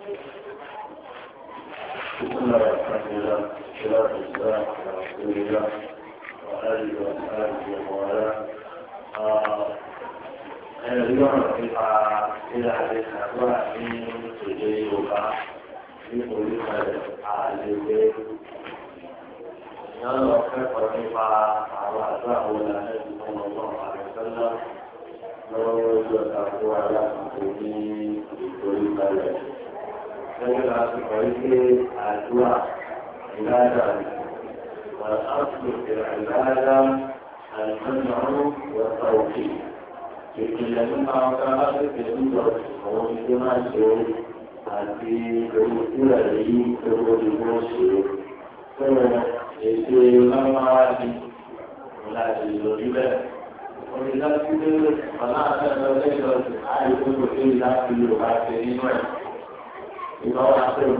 بسم الله الرحمن الرحيم والصلاة والسلام على رسول الله وآله وصحبه ومن والاه ẹlẹ́gbọ́n nípa ilé àdéhàgbà ní èdè yorùbá ní orílẹ̀ àlèwé ìyá lọ kẹ́kọ̀ọ́ nípa àwọn àdúrà wo la ẹ̀sìn fún ọgbọ́n àrẹ́sẹ́lá lọ́wọ́ ojú ọ̀tà fún aláàbò ní ìgbòríkalẹ̀ lẹ́yìn láti kọ̀ wípé àdúrà ìlàdà والأصل في العبادة المنع والتوفيق لكن لما أعتقد في الأمر ومجتمع الشيء àti olùkúrà yìí tó olùkúrò ṣe fún ètò ìlànàwádì láti lórí bẹ́ẹ̀. Omi láti dé ọ̀la àtẹ̀lẹ́ lẹ́yìn ọ̀sẹ̀ àìsókò tó ìlànà ìlú àti nínú ẹ̀ ìgbà wọn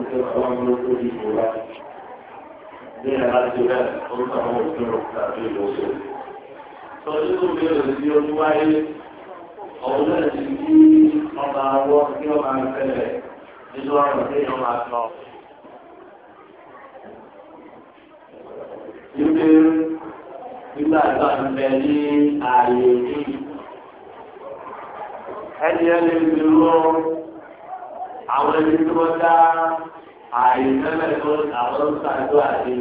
ń bẹ ní ààyè yìí. Ẹni ẹni ti àwọn ẹni tí wọ́n dá àìmẹ́lẹ̀ tó àwọn ṣàjọ àti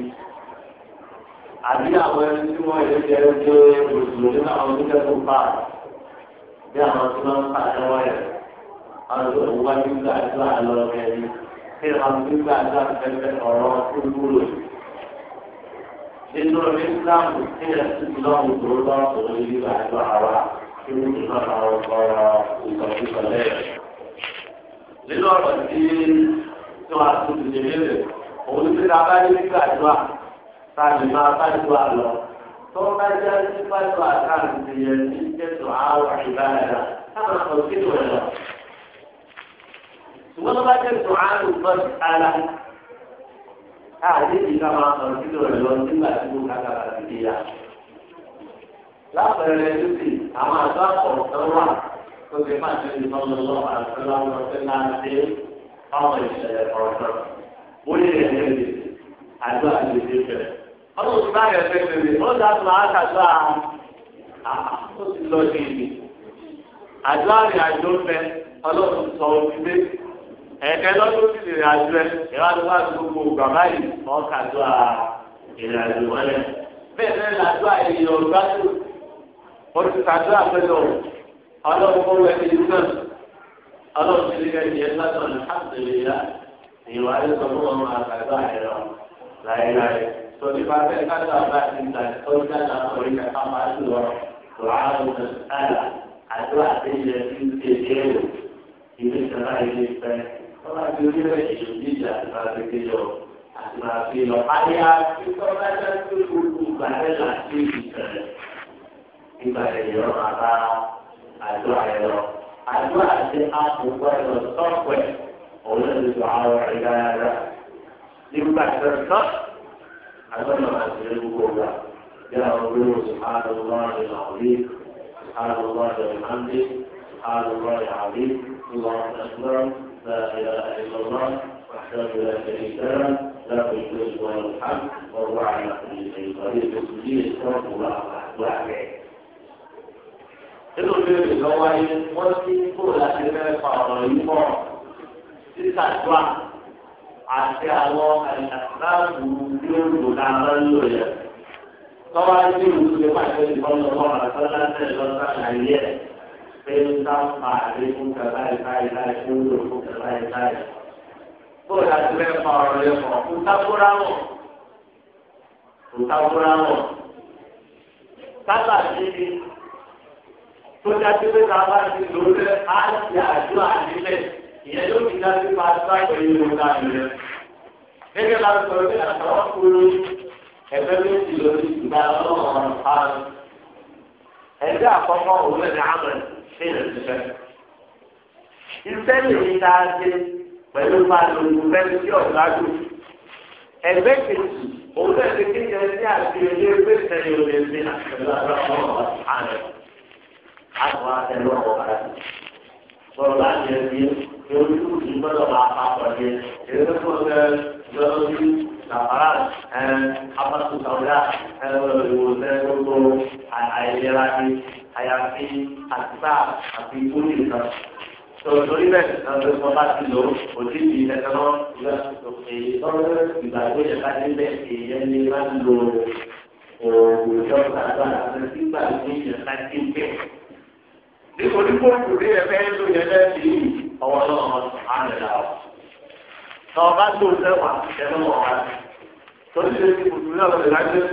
àbí àwọn ẹni tí wọ́n yẹ kí ẹni tó mùsùlùmí náà wọ́n tẹ́ tó bá bí àwọn tí wọ́n ń pa ẹwọ́ yẹn àwọn tó ń wá nígbà tó àlọ́ ẹni kí àwọn nígbà tó àfẹ́fẹ́ ọ̀rọ̀ tó wúlò nínú ẹ̀mí ìsìláàmù tí ẹ̀ sì ti lọ́wọ́ tó lọ́wọ́ tó lórí ìgbà tó àwa kí wọ́n ti lọ́wọ́ ọ̀rọ̀ ìtọ́jú nínú ọ̀rọ̀ tí tí wọ́n á ti lè léèrè òun ní pípa bá ní nígbà tó máa bá tó lọ. tó bá jẹ́ nípa tó à ká ní kẹ́tọ̀ àárọ̀ ìbára táwọn ọ̀rọ̀ kí ló lọ. ṣùgbọ́n tó bá jẹ́ tó àárọ̀ tó ti ara àdéhìí ká máa sọ̀rọ̀ kí ló lọ nígbà tí mo kàkà láti dé lápẹẹrẹ lókè àwọn àgbà kọ̀ọ̀kan wà. tó ti máa ṣe ní sọ́dọ̀ lọ́wọ́ àti láwọn tó máa ṣe àwọn ìṣẹ̀lẹ̀ kọ̀ọ̀kan. Ó lè rẹ̀ lẹ́yìn àjọ àgbègbè bẹ̀rẹ̀. Ọlọ́run ti bá yẹ fẹ́ bẹ̀rẹ̀ ó dá tó máa kàdó à ó ti lọ dị ibi. Àjọ àrìn àjò ń bẹ ọlọ́run sọ òdìdé. Ẹ̀kẹ́ lọ́dún ti lè rìn àjò ẹ̀ ìwádìí wá gbogbo ìgbà báyìí wọ́n kàdó ọlọ́kọ̀ọ́kọ́ wẹ̀ ti dùn náà ọlọ́run ti rí ẹ̀jẹ̀ lásán ní àtẹ̀lẹ́yà ìwà àdéhùn fún ọmọ àgbàdo àìrọ̀ láéláé torí bá fẹ́ kájọ àbá ti gbà tó ń dáná orí kàkà máa ń lọ ràárùn àlà àdó àtẹ̀yẹ ti ń ṣe déwò ìlú ìjọba ilé ìfẹ́ wọ́n bá ti rí ẹ̀jẹ̀ ìdíjà àgbà gbẹgbẹ lọ àgbà fi lọ àyà títọ́ bá dá sí gbogbo ìgbà ìgbà rẹ̀ ìgbà rẹ̀ àdúrà ẹ lọ àdúrà ti àbùkù ẹ lọ sọ́ọ̀pù ẹ olóòtú àwọn ìlà ara nígbà tó tọ́ àdúrà máa ti rí gbogbo wa bí àwọn olówó sùhánù lọ́rùn àwòrí sùhánù lọ́rùn àmì sùhánù lọ́rùn àwòrí اللهم اكبر لا اله الا الله وحده لا شريك له له الملك وله الحمد وهو على كل شيء قدير بسم الله الرحمن الرحيم nínú ìbéèrè lọ́wọ́ ayé wọ́n ti kúrò láti fẹ́ fa ọ̀rọ̀ yìí pọ̀ sísàdúrà àti àwọn àìsàkúràbù tí ó lò náà lò yẹ. lọ́wọ́ ayé ìlú ti pàṣẹ ìbọn lọ́wọ́ àtọ́lá tẹ̀ lọ́sà àyè ẹ̀ pé ń dá pa àlékún kàlá ìta ìta ìta ń fún kàlá ìta ìta. kúrò láti fẹ́ fa ọ̀rọ̀ yẹn pọ̀ kó tábúrà wọ̀ kó tábúrà wọ̀ sábà tó dájú pé bàbá ti lò ó lẹ á ti àjọ àdílẹ̀ ìyẹn yóò fi dájú pé àtúbà pẹ̀lú ìwé ta ìrẹ. gẹ́gẹ́ bá sọ pé àtàwọn kúrú ẹgbẹ́ méjì lórí ìgbà ọlọ́run ọ̀run ẹgbẹ́ àkọ́kọ́ òun ẹ̀ ní àmọ̀ ṣe ìrẹsìfẹ́. iṣẹ́ lè ní ká pẹ̀lú balùwù fẹ́mi tí ọ̀gá dù. ẹgbẹ́ kejì òun ẹ̀ ti ní àti ilé pèsè ìrẹsì àti àtúwà tẹ̀lé ọ̀pọ̀ padà. Bọ̀dọ̀ bá jẹ bí ewu tó ti gbọ́dọ̀ máa pa pọ̀jẹ. Èrè tó kọ̀ ẹ lọ́dún bí làbárà sàwùdà ìwòsàn gbogbo àìlera ni àyàfi àtìpá àti ìkúlì nìkan. Tòtòrí bẹ́ẹ̀ lọ́dún kan bá ti lò ó ti ẹ̀ka náà ìgbà tọ́lọ́ ìgbà tó yẹ ká dé bẹ́ẹ̀ èèyàn ní máa ń lo òògùn ìjọba àgbà àti ìgbà tó yẹ ká dé bẹ́ẹ̀ nítorí kó kù rí ẹ̀fẹ́ ló yẹ lẹ́sí ọwọ́ lọ́wọ́ àmìlà ọ̀. Náà bá tó sẹ́wà ẹ̀rọ ọ̀gá. Torí ṣe ti kùtù náà lọ́dẹ̀ lájẹ́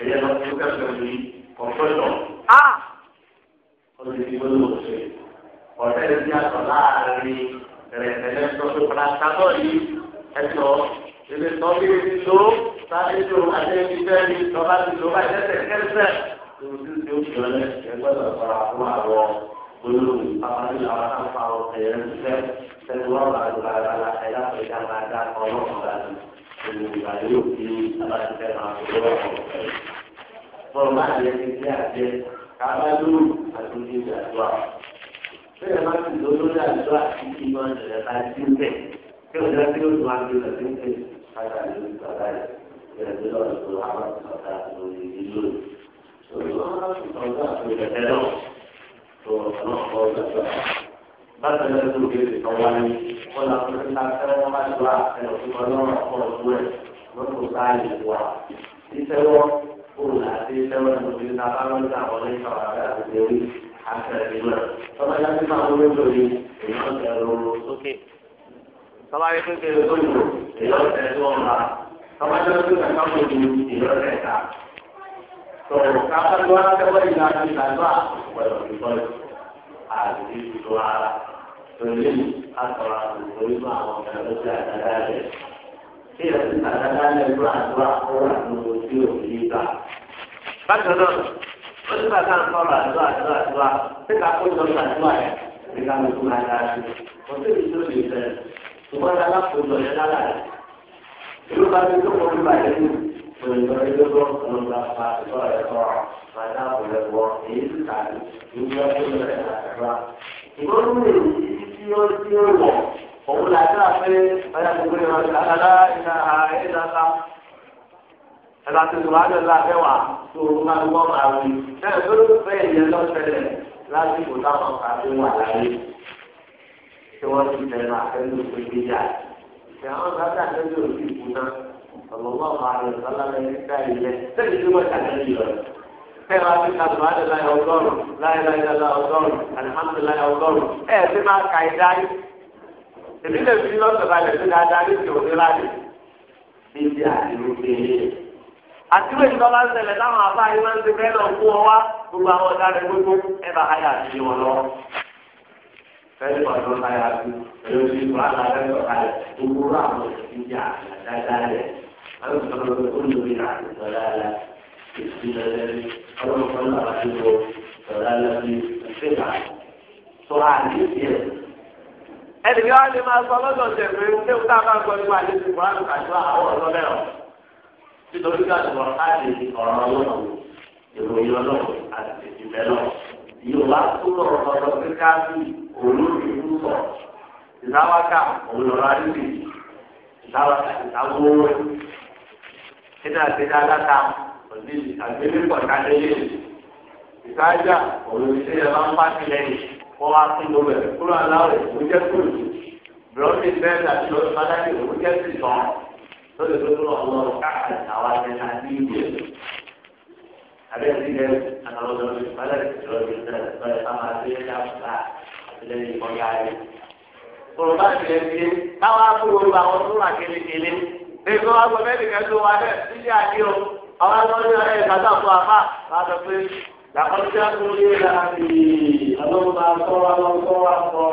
ẹ̀yẹ lọ sí kẹsàn-án ní kọ̀ǹtọ́jọ́. Á! ti gbọ́dọ̀ ṣe. Ọ̀rẹ́ rẹ̀ ní àtọ̀ láàárín rẹ̀tẹ̀lẹ̀ tọ́jú pàtàkọ́ yìí ẹ̀tọ́ ilé tọ́jú ti ló tó bá ẹ̀ẹ́dẹ́sẹ̀ kẹ́sẹ̀ belum apalagi orang kalau saya sudah keluar dari daerah saya tidak ada tolong dan mengalir di dalam termasuk format yang tidak ada karena dulu aku tidak jual saya masih dulu dan jual di mana ada tajam kerja itu tuan kita tinggi kata dulu kata kita dulu harus berharap kata dulu dulu so itu harus kita sudah terus tó ọlọ́pàá ọjọ́ tó láti lẹ́nu tó kéde tó wá ní wọn là ń fi ká fẹ́rẹ́ wọn bá tó wá ẹ̀rọ tó wọn lọ́rùn ọ̀pọ̀ ọ̀dọ́ ẹ̀ lọ́kọ̀ sáàyè wa ìṣẹ́wọ́ òun àti ìṣẹ́wọ́ ẹ̀ lọ́kọ̀ ìṣẹ́wọ́ bá lọ́jà wọlé ìṣàwọ̀ àti àtẹ̀wé àtẹ̀wé náà tọ́lá yá sí máa wọlé lórí èyí ọ̀tẹ̀ lọ́rọ̀ sókè tọ́lá yẹ kékeré tó yẹ èyí ọ̀tẹ̀ tó ọ̀la tọ́lá yẹ kékeré tó yẹ So, kapan doa kita boleh dilakukan tanpa berfikir hati doa Jadi, antara lima orang yang berjaga dari Kita katakan yang berat dua orang menuju kita Kan benar, persilakan sholat dua, dua, dua Tidak pun dosa dua ya Kita menggunakan hati Untuk itu bisa Cuma dalam يقول لا خالق ولا يطاع فلا قل هو إلا إن يقول لك ìgbọ́dọ̀ mi tí ó tí ó wọ̀ òun là dá pé ọ̀yà gbogbo ìrìn àjò àdàlá ìlà ìlàta ẹ̀la tó tó lájọ ńlá mẹ́wàá tó o máa gbọ́ máa wí náà tó ló fẹ́ ìyẹn lọ́sẹ̀lẹ̀ lásìkò táwọn kàdé wà láyé tí wọ́n ti tẹnu àfẹ́lú pé gbéjà ìṣẹ̀wọ̀n gbàgbà sallallahu alaihi wasallam ẹni káyìí lẹ sẹ́yìn tí ń ṣẹlẹ̀ táwọn àbá máa ń ti fẹ́ lọ fún ọ gbogbo àwọn ọ̀daràn gbogbo ẹ bá àti ìwọ̀n lọ. fẹ́ẹ́ pọ̀ tó láyà bí ẹ̀rọ ti kọ́ àlàyé ọ̀ka rẹ̀ gbogbo àwọn ìdíjà dáadáa rẹ̀ àwọn ìṣòro olórí àtìsọ̀rọ̀ àlà ìṣúná lẹ́nu ọlọ́run kan lọ́wọ́ àti wọ ìṣọ̀rọ̀ àlà bí ìṣèlà tó àlè díẹ̀. ẹnì kí wọ́n lè máa sọ lọ́dọ̀ tẹ̀wé ṣé o táà máa ń gbọ́ nípa àlè ti kọ́ àlùkà tó àwọn ọ̀rọ̀ nítorí ká káàdì ọ̀rọ̀ ọlọ́run ìròyìn ọlọ́run àti ìbẹ̀lọ́ òun ti ń sọ ìdáwáká òun lọ́ra níbi ìdáwáká ìdáwó kíndà kíndà dáta òní àgbélépọ̀ kádélé ìtajà òun ti ṣe máa ń bá tilẹ̀ yìí wọ́n wá sí lóbẹ̀ kúrò aláwọ̀ òun jẹ́ kúrò bùrọ́dì bẹ́ẹ̀ àti lọ́dún bàdájì òun jẹ́ sì tán lórí ìdókòwò ọlọ́run káàkiri àwọn ẹ̀ka ní ìdíyẹ. Abẹ́rẹ́ ti gẹ́gẹ́ àtàwọn ọ̀dọ́ ìbálẹ̀ ìjọba ìjọba ìbálẹ̀ lẹ́yìn ìmọ̀lá rẹ̀. Sọ̀rọ̀ bá ti lè fi káwá fún gbogbo àwọn tó wà kélékélé. Èso wa gbọ́ bẹ́ẹ̀ nìkan tó wà bẹ́ẹ̀ sílé àdé o. Àwọn akọ́ni ọ̀rẹ́ ìgbàdàn fún apá máa sọ pé làkọ́síá tó lé e láàbì ọlọ́run máa sọ wa lọ sọ wa sọ.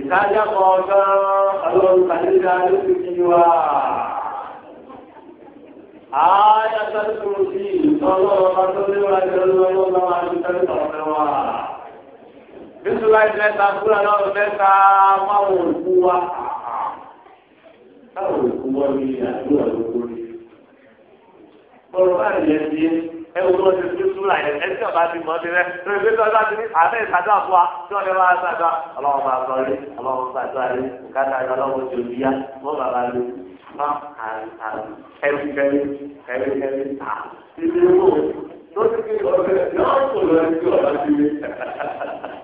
Ìtajà kan gan ọlọ́run kàdéjà ló ti fi wá. Ayé àtàkùn sí ìtọ́lọ́run bá tó lé wa ìtọ́lọ́run máa ń tẹ́lẹ̀ tọ̀rọ̀ mẹ́wàá nítorí wáyé mẹ́ta kúrò lọ́rùn mẹ́ta máwọn òkú wa. Táwọn òkú wọn ní àdúrà lóko ní. Bọ̀rọ̀ báyìí yẹn ti ẹ wo ló ti fi súnra yẹn ẹ tí ọba ti mọ ti rẹ lórí pé tọ́jú àti ní àbẹ́ ìtajà fún wa tí wọ́n lè máa ṣàdá ọlọ́run máa sọ rí ọlọ́run máa sọ rí òkàtà yọ ọlọ́run ti òbí yá wọ́n bàbá lò má ẹ̀rí kẹ́rí ẹ̀rí kẹ́rí ta ìdílé wò lórí pé ọ̀rẹ́ yọ̀ọ́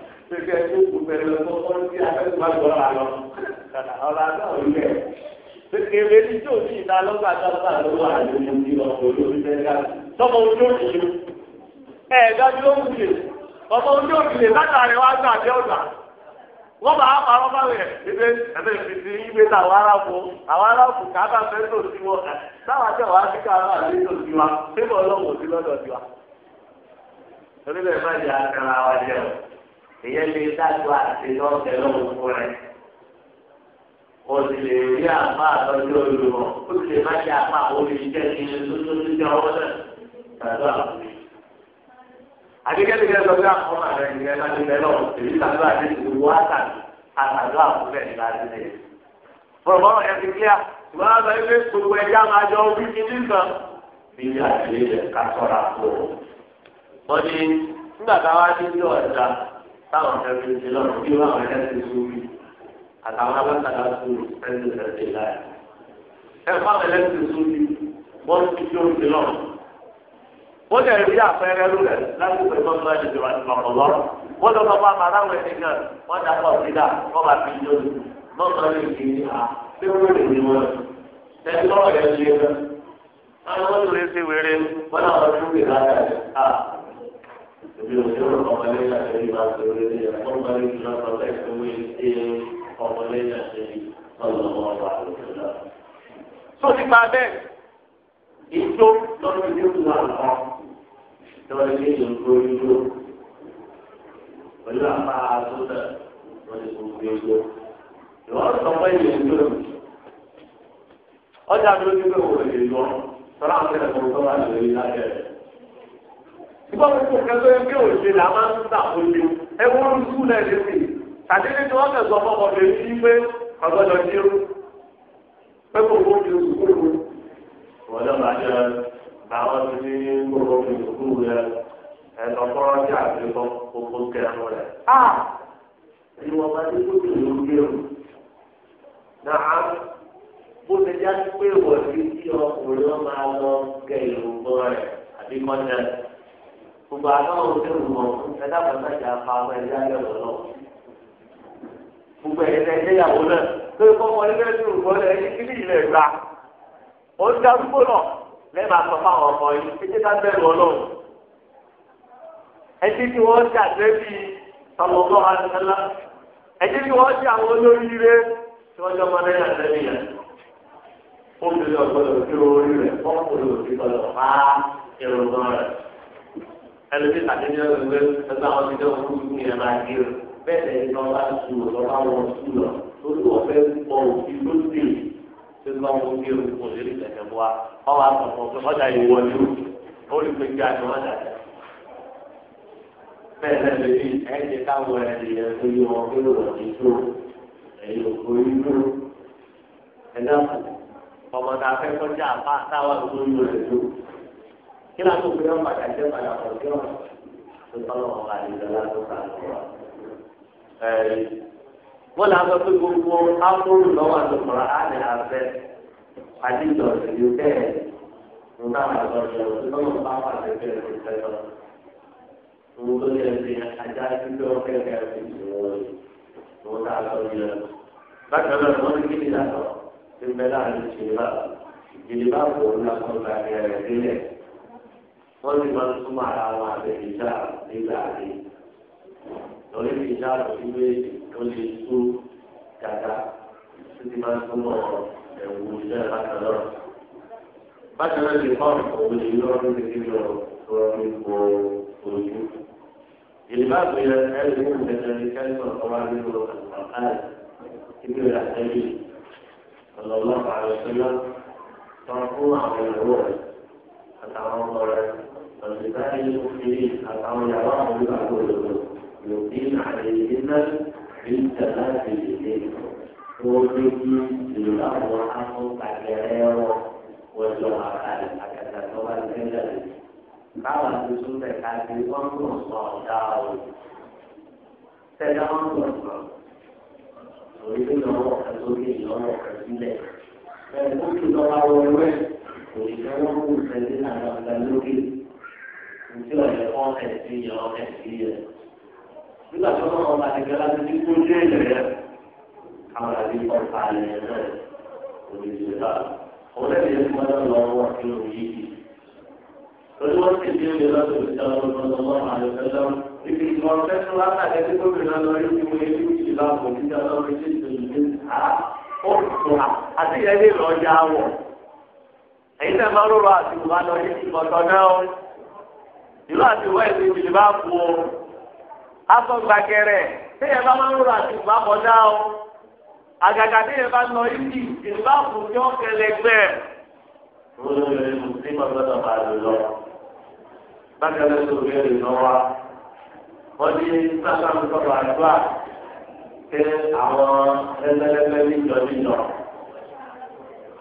ṣẹ̀kẹ́ tó kù bẹ̀rẹ̀ ndị kọ́ sí abẹ́tùmá gbọ́dọ̀ àlọ́ ọ̀la náà rí ẹ̀. Kékeré ní tí òbí ìta lọ́gbà dọ́gba ló wà ndị ti ọ̀pọ̀ lórí tẹ́lá. Tọ́mọ ojú òbí ó Ọmọ ojú lè látàrí wá gbà bí ọ̀gbà. Wọ́n bá ìgbé àwọn àwọn èyẹ lè dájú àti lọ́sẹ̀ lọ́wọ́ fún rẹ̀. o sì lè rí àpá àtọ́jú olùwọ̀ o sì lè má jẹ́ àpá òbí jẹ́ kí n tuntun tó jẹ́ ọwọ́ náà tàbí àbúrò. àdìgẹ́dì kẹ́ sọ pé àwọn ọmọ rẹ̀ nìyẹn máa ti bẹ̀rẹ̀ lọ́wọ́ èyí tàbí àti ìwọ àtàlù àtàlù àbúrẹ̀ nígbà tí lè. bọ̀dọ̀ ẹ ti gbogbo ẹja máa jọ orí kí nìkan. bí àlejò kásọ̀rọ̀ àpò wọ́n ní nígbà táwa ti ń táwọn ọ̀sẹ̀ fi lọ́nà bí wọ́n àwọn ẹ̀dá ti sórí àtàwọn alágbàdá sórí ẹ̀dá ìṣẹ̀lẹ̀ láì. ẹ fáwọn ẹ̀dá ti sórí wọ́n ti fi oúnjẹ lọ́nà. wọ́n jẹ́ ìrírí àpẹẹrẹ rẹ̀ láti pẹ̀lú ọmọ ẹ̀dá ìjọba ìmọ̀kànlọ́. wọ́n lọ sọ́kọ́ àmọ́ aláwọ̀ ẹ̀dá náà wọ́n dà pọ̀ sídà wọ́n bá fi yọ lọ́sọ̀ọ́ lè èmi ò ní orúkọ ọmọlẹ́yìn àtẹ̀lé máa ṣe orí ilé ẹ̀kọ́ máa ń gbà pàtẹ́ ìfowó ilé ọmọlẹ́yìn àtẹ̀lé ọlọ́mọ ọba àlùfẹ́lá. tó nípa bẹ́ẹ̀ ìjó lọ́dún ilé ìtura nǹkan lọ́dún ilé ìlú ìjó pẹ̀lú àpá àtúntà lọ́dún ìlú ìjó. ìwọ́n sọ pé ìlú ìjó ọjà lójú pé òun lè lọ sọ́ra àwọn ẹ̀kọ́ tó wà lórí lábẹ́rẹ́ bọ́ọ̀lù tó kẹ́ lóye pé òṣè là máa ń tà òṣè ẹ wọ́n ń kú náà lè fi tàdédé tí wọ́n kẹ́ sọ fọ́ ọ̀bẹ yìí pé ọ̀gbọ́dọ̀ ní o pé kò kó fi oṣù kúrò wọ́n lọ́ máa jẹ báwọn ti ní gbogbo fi oṣù kúrò yẹ ẹ̀nà fọ́nrán tí a fi kọ́ kókó kẹ́rù rẹ̀. a ni wọn bá dé kó tó gbé o náà bó ti já sí pé wọ́n ti kí ọkùnrin máa lọ kẹ́ ìlú mọ́ rẹ̀ àbí mọ́tẹ́rì gbogbo àtọ́wò tó ń wọ̀ ẹ̀dá bàbá ìjà pa ọmọ ẹ̀dá yọ̀ lọ́wọ́ gbogbo ẹ̀dá ẹ̀dá ìyàwó náà tó kọ́kọ́ ní bẹ́ẹ̀ tó ń wọ̀ ẹ̀ ilẹ̀ gba ó ń darúgbó náà lẹ́ẹ̀ma sọ fáwọn ọmọ yìí títí ká bẹ̀rù ọlọ́run ẹtí tí wọ́n ṣe àtẹ́bí sọlọ́gbọ́ àtẹ́lá ẹtí tí wọ́n ṣe àwọn olóríire tí wọ́n jọmọ lẹ́yìn ẹlòmí àtẹnudẹ wẹwẹ ẹgbẹ àwọn ti dẹ òkú ní ẹ máa gé o bẹ́ẹ̀ lẹ́yìn náà bá wọn su lọ lórí ọ̀fẹ́ pọ òfin ló dé tó bá wọn gé o kò lè bọ wa ọ wà sọ fún ọ pé ọjà yìí wọlé o ó lè pe kí a wọn dà dẹ bẹ́ẹ̀ lẹ́yìn lórí ẹjẹ káwọn ẹyẹ tó yẹ wọn pé wọn ti tó ẹyẹ òkú yìí tó ẹ̀dá ọmọ tá àbá táwa kí ló ń gbé wọn padà padà pọ̀ sí wọn tó tọ́lọ̀ wọn bá lè lọ́la tó wọ́n lọ sọ pé gbogbo ápòlù lọ́wọ́ àtòkọ̀rọ̀ á ní abẹ́ àdìjọ ìlú bẹ́ẹ̀ ń bá wà lọ́sọ̀ lọ́wọ́ bá wà lẹ́gbẹ̀ẹ́ rẹ̀ tẹ́lọ̀. mo tó yẹ bákan náà wọ́n ní kí ni ìlànà ìgbẹ́lá àti ìṣèlú ìdílé bá kò ń lakọ́ wọ́n sì máa ń súnmọ́ ara wọn àbẹ̀ ìjà nígbà rí lórí ìjà lórí wé tó lè tú kàkà tó ti máa ń súnmọ́ ẹ̀wù ìjà lákàá náà. bákan náà lè fọ́n òun lè yọ ọdún kékeré lọ lọ́rọ́ nípo ojú. ìlúbàbò yẹn ẹ̀rí ní ìgbẹ́jọ́ ní kẹ́sọ̀ ọba nínú àlùfáà ìgbéra àtẹ́yìn ọ̀lọ́lọ́pàá àlùfáà tán fún àwọn ìwọ̀ rẹ̀ àtàwọn ọmọ rẹ̀. والكفاء المؤمنين أو يراه بالعبود يقيم عليهن من ثلاث الإثنين وفيه لله عنه تكرير وجهة الحكاية والكلام بعض الرسول الحاكم وانظر صادعه سلام وانظر ويقول له حسولي له حسولي فيقول له أول وجه ويقول له حسولي له حسولي nítí ọ̀yẹ́ kọ́ ẹ̀sìn yẹ ọ́ ẹ̀sìn yẹ. nígbà tó náà wọn bá ti gbé láti ní kó dé ilẹ̀ rẹ̀ káwọn àti ọ̀pá ilẹ̀ náà òdìdí rà. òun ẹ̀sìn yẹn ti máa ń lọ wọ́n kí ló yí kì. lórí wọn ti lè lọ́dọ̀ ìṣẹ́ ọlọ́dọọlọ́wọ́ àyọ̀fẹ́lẹ́ ibi ìwọ̀n fẹ́ lọ rí lọ́wọ́ ṣe ìṣèlú ó tún àti ìyẹn lè lọ yá wọ̀. èyí náà máa ń rọrùn àti ìwà ìlú àti ìwọ ẹ̀sìn ìbìlì bá bu o aṣọ gbàgẹrẹ téèyàn bá máa ń rọra àti ìbá kọjá o àgàgà téèyàn bá lọ ibi ìbìlì bá bu yọ kẹlẹgbẹ. bákan náà tó bẹ́ẹ̀ lè lọ wa wọ́n ní sábà ń sọ̀rọ̀ àdúrà pé àwọn ẹlẹ́lẹ́lẹ́ níjọ níjọ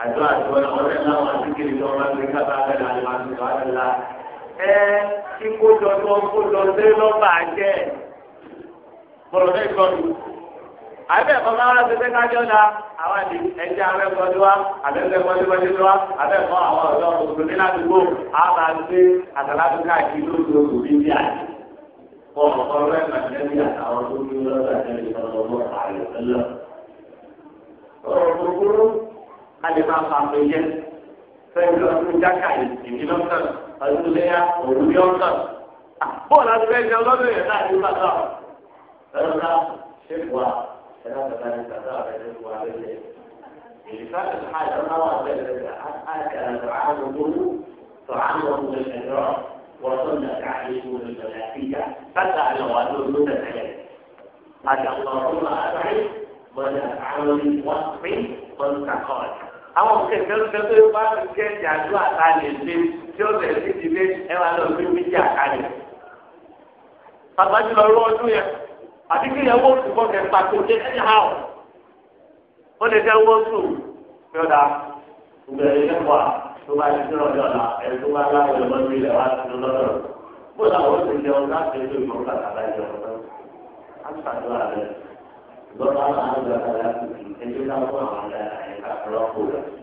àdúrà tí wọ́n lọ́wọ́ náà wọ́n ti kiri lọ́wọ́ máa ń gbé kábàá bẹ́ẹ̀ láti máa ń sọ̀rọ̀ àdúrà ẹ kí kójọ tó kójọ dé lọ́ba jẹ́ bọ̀rọ̀ bẹ́ẹ̀ gbọ́ mi. àbẹ̀ ẹ̀kọ́ máa ń tẹ́tẹ́ kájọ́ la àwọn àti ẹ̀jẹ̀ abẹ́kọ́jú wa abẹ́kọ́ mọ́júmọ́jú wa abẹ́kọ́ àwọn ọ̀dọ́ òṣèlú ládùúgbò àbá gbé àtàládùúgbò àti lóṣooṣù bíi bíi àti. ọ̀rọ̀ ọ̀rọ̀ ẹ̀ máa tẹ́lẹ̀ bí àtàwọn tó ní lọ́dọ̀ àtẹ̀lẹ̀ ìfọ̀rọ̀mọ́ àyọ̀tẹ́lẹ̀. ọ̀rọ̀ gbogbo àlùléyà òwú yọ kàn. bọ́ọ̀lù àti bẹ́ẹ̀ ni ọlọ́dún yẹn náà ní bàtà ẹ̀rọ náà ṣe wà ẹ̀rọ bàtà ní bàtà rẹ̀ wà lẹ́lẹ̀. ìfẹ́ àti ọ̀nàwà bẹ́ẹ̀ lẹ́lẹ̀ àkàrà tọ̀hánù gbogbo tọ̀hánù ọ̀hún ẹ̀rọ وصلنا تعليم الملائكة حتى لو أنه متسلل قد اللهم أبعد ونفعل وصف وانتقال أو كثير كثير بعض الكثير يعدوا على الزمن tí ó bẹ̀rẹ̀ sí ti lé ẹ wà lọ sí méjì àkàlẹ̀. pàtàkì lọ rú ọdún yẹn àti kí ìyẹn wọ́n sùn fọ́kẹ́ pàtó ṣe ẹ̀ ní hàn. ó lè fẹ́ wọ́n sùn fi ọ̀dà ìbẹ̀rẹ̀ lẹ́kọ̀ọ́ à tó bá ti dúró ọjọ́ ọ̀la ẹ̀ tó bá láwọn ọmọ mi lẹ̀ wá sí lọ́dọ̀ bó làwọn ti jẹun láti ẹjọ́ ìgbọ̀n kàkàlà jẹun náà á ń gbàgbà láti ẹjọ́ láwọn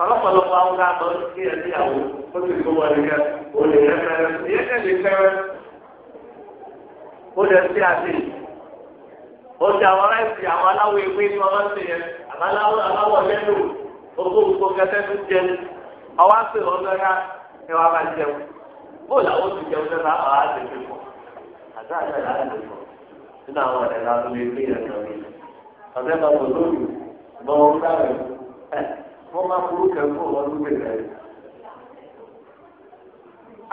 Ọlọ́pọ̀lọpọ̀ àwọn àgbọ̀ sí ẹ̀sí àwọn ó ti gbówó ẹ̀ríkẹ́ olè rẹpẹrẹ ìyẹ́kẹ́ lè fẹ́rẹ́. Ó lẹ sí àti oṣù àwọn ará ìsìn àwọn aláwọ̀ ewé ni wọ́n máa ń sè yẹn àbáláwọ̀ aláwọ̀ lẹ́nu ogún gbogbo kẹtẹ́ tó jẹ ọwọ́ àti ọ̀dọ́ ya ẹ wàá máa jẹun. Bó làwọn ti jẹun sẹ́ta àwọn àti ìfẹ́ pọ̀ àti àti àti àti ìfẹ́ pọ̀ nínú àwọn ọ̀rẹ́ ọ̀sẹ̀ kan kò lóyún mọ ohun dáre wọ́n máa burú kẹ́kọ̀ọ́ wọn ló gbèsè rẹ̀.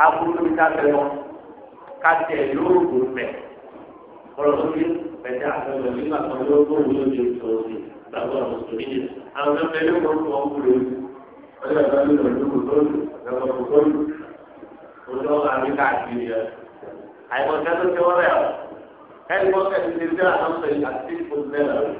aburú ló dá tẹ́lẹ̀ wọn ká tẹ̀ lóògùn mẹ́ ọlọ́sọ́lé pẹ̀lú àtẹ̀lẹ̀ nígbà kan ló gbóhùn lójú ìtòsí gbàgbọ́ àwọn sòrí ni àwọn ọmọ ẹni wọn kọ́ ọ́n kúrò ní ọjọ́ ìgbà ló lọ lóko lóko lọ́kọ̀ lóko lóko lọ́kọ̀ àríkà àkìrí ẹ̀ àìmọ̀ṣẹ́ tó ti wọ́n rẹ̀ ẹ̀ ẹ̀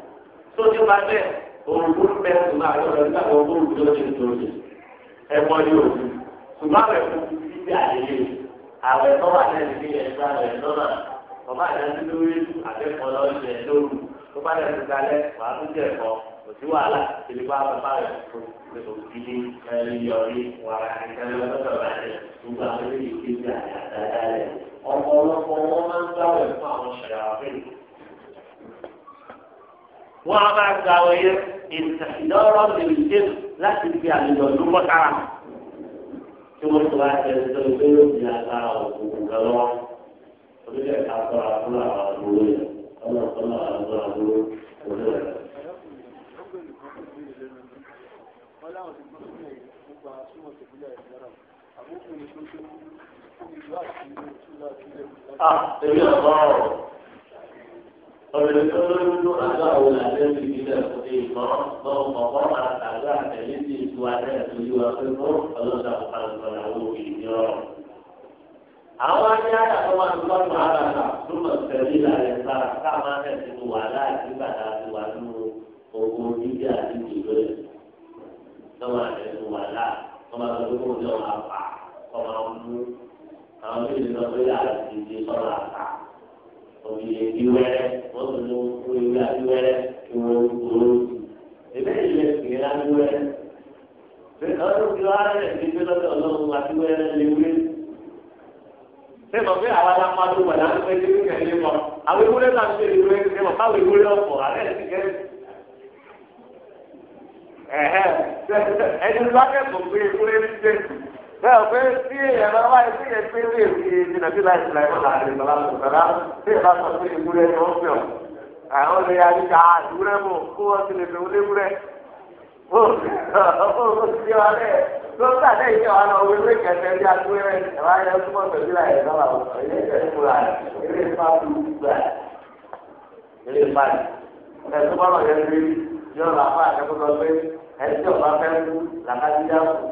tó ní ma bẹ́ẹ̀ òògùn bẹ́ẹ̀ tó máa yọ̀rọ̀ nígbà tó òògùn tó ti tó ti ẹ̀mọ́ ní òògùn ṣùgbọ́n àwọn ẹ̀kú ti ti àlejò àwọn ẹ̀kọ́ wà lẹ́yìn ní ẹ̀ka rẹ̀ lọ́nà ọba àdáńtí lórí àbẹ́kọ̀ lọ́sẹ̀ lóru tó bá dẹ̀ ti kalẹ̀ wàá tún jẹ́ ẹ̀kọ́ òsì wàhálà tẹ̀lé bá bàbá rẹ̀ tó kìíní ẹ̀rí yọrí wàrà ìkẹlẹ́ lọ́sọ̀ bá rẹ̀ gbogbo wọ́n á máa gba àwọn yẹn ìtàkìdọ́rọ̀ lèmi dé láti fi àlejò ọdún mọ́tara tí wọ́n tó wá tẹ̀lé tó ń gbé ní agbára òkùnkùn kan lọ́wọ́ onílẹ̀ ká sọ̀rọ̀ àbúrò àwọn àbúrò yẹn ọlọ́run sọ̀rọ̀ àbúrò àbúrò òwúrò rẹ̀. Ah, èmi ò gbọ́ ọ̀rọ̀. ọ̀rẹ́ tó lórí tó àgbà wo la fẹ́ fi ilẹ̀ òde ìmọ̀ lọ́wọ́ kọ̀ọ̀kan máa tàgbà àtẹ̀lé sí ìlú alẹ́ ìtòjú wa pé fún ọlọ́dà kọ̀ọ̀kan lọ́wọ́ àwọn òbí rọ̀. àwọn ayé àyà tó máa tó lọ́dún ara rà tó lọ tẹ̀lé ìlànà sára ká máa tẹ̀ sínú wàhálà àdìgbà láti wà nínú ogun dídí àti ìgbẹ́ lọ́wọ́ àtẹ̀sùn wàhálà wọ́n máa òbíye bí wẹ́rẹ́ wọ́n tún ló ń kó ewé àbí wẹ́rẹ́ kí wọ́n ń kó o. Èmi lè lè pè é lábí wẹ́rẹ́. Ọdún kí wọ́n á rẹ̀ ní pé lọ́dọ̀ ọlọ́run àbí wẹ́rẹ́ lè wé. Ṣé mọ̀ pé àwa la máa lo wàdà ń pẹ́ nínú ìkẹ́lẹ́ mọ́? Àwọn ewúrẹ́ náà ń ṣe ìwé ẹ̀hẹ́ ẹni bá kẹ́kọ̀ọ́ pé ewúrẹ́ ní jẹ́sì bẹ́ẹ̀ pé tí èèyàn bá wáyé tí èèyàn pé lè fi jìnnà bí láì sílẹ̀ ẹ̀kọ́ láàrin bàbá bàbá tí èèyàn bá sọ pé ìwúrẹ́ ni wọ́n fẹ́ ọ. àwọn olè àdìgbà ìwúrẹ́ mọ̀ kó wọ́n ti lè fi wọlé wúrẹ́. ó ó ti di wa bẹ́ẹ̀ tó ń tàdé ìjọ wa náà wọ́n wé kẹsẹ̀ bí agbóyè ẹ̀ wá yẹ súnmọ́ pẹ̀lú láì ẹ̀dọ́ wa ilé ìfẹ́ ìmúra ilé ìfẹ́ ìmúra ilé ìfẹ́ ìmúra ẹ̀ tó bọ́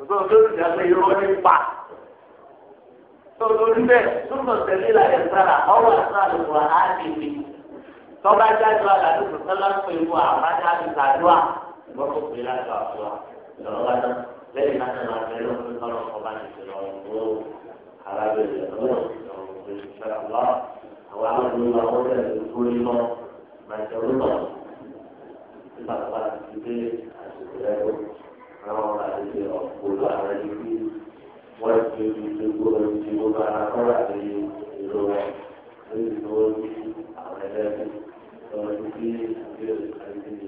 ṣùgbọ́n olórí ìjà pé irọ́ ní pa olórí bẹ́ẹ̀ túbọ̀ tẹ̀lé láyé sára ọwọ́ àtàlùkù àádìmí tọ́ba jáde wà ládùúgbò sọ́lá ń pè wọ àbájá àdúrà ìgbọ́ kò pè láti àdúrà lọ́wọ́ wá náà lẹ́yìn náà ní wàá bẹ̀rẹ̀ lọ́wọ́ nípa ọkọ̀ bá ní ìṣẹ̀lẹ̀ ọ̀rọ̀ arábìnrin lọ́wọ́ ìṣẹ̀lẹ̀ ọ̀rọ̀ àwọn àwọn ìlú ọ̀rọ̀ bẹ̀rẹ̀ lórí lọ màjọ̀rú lọ nígbà tó bá ti dé àṣìṣe ẹ̀rọ àwọn ọba àdéhùn ọ̀pọ̀lọ àwọn ẹni tí wọ́n ti fi gbogbo ẹni tí wọ́n bá ara kọ́ra ní ìlú wọn lórí ìnáwó ní àwọn ẹlẹ́sìn lọ́wọ́ ní bí ilé ìkàlẹ́ ní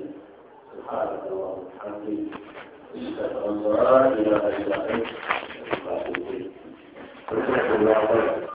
sùpàdé lọ́wọ́ àti ìṣàkóso ọ̀rọ̀ ìlànà ìlànà ìgbà gbogbo.